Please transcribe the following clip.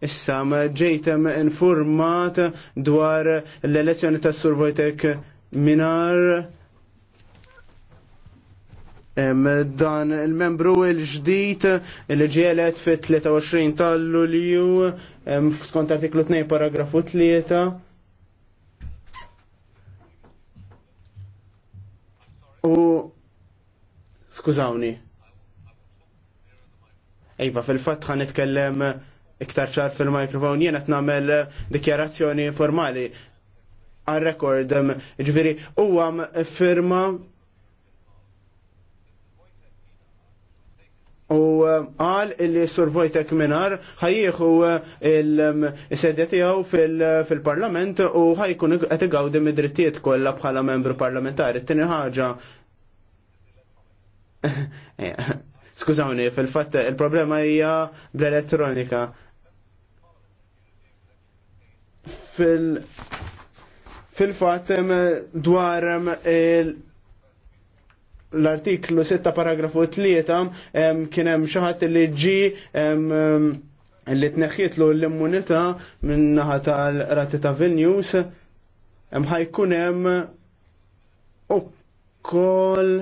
Issa ġejtem informat dwar l-elezzjoni tas Sur Wojtek Minar dan il-membru il-ġdijt li ġielet fit 23 tal-Lulju skont artiklu 2 paragrafu 3 u skużawni Ejva, fil-fatt ħan nitkellem iktar ċar fil-mikrofon jien qed nagħmel dikjarazzjoni formali għal rekord um, ġviri huwa firma u um, għal illi Sur Vojtek Minar ħajjieħu um, il-sedja tiegħu fil-parlament u ħajkun qed igawdi mid-drittijiet kollha bħala membru parlamentari. tini ħaġa Skużawni, fil-fatt il-problema hija bl-elettronika. fil- fil-fat dwar l-artiklu 6 paragrafu 3 kienem xaħat li ġi li tneħħitlu l-immunita minn naħa tal-rati ta' Vilnius ħajkunem u koll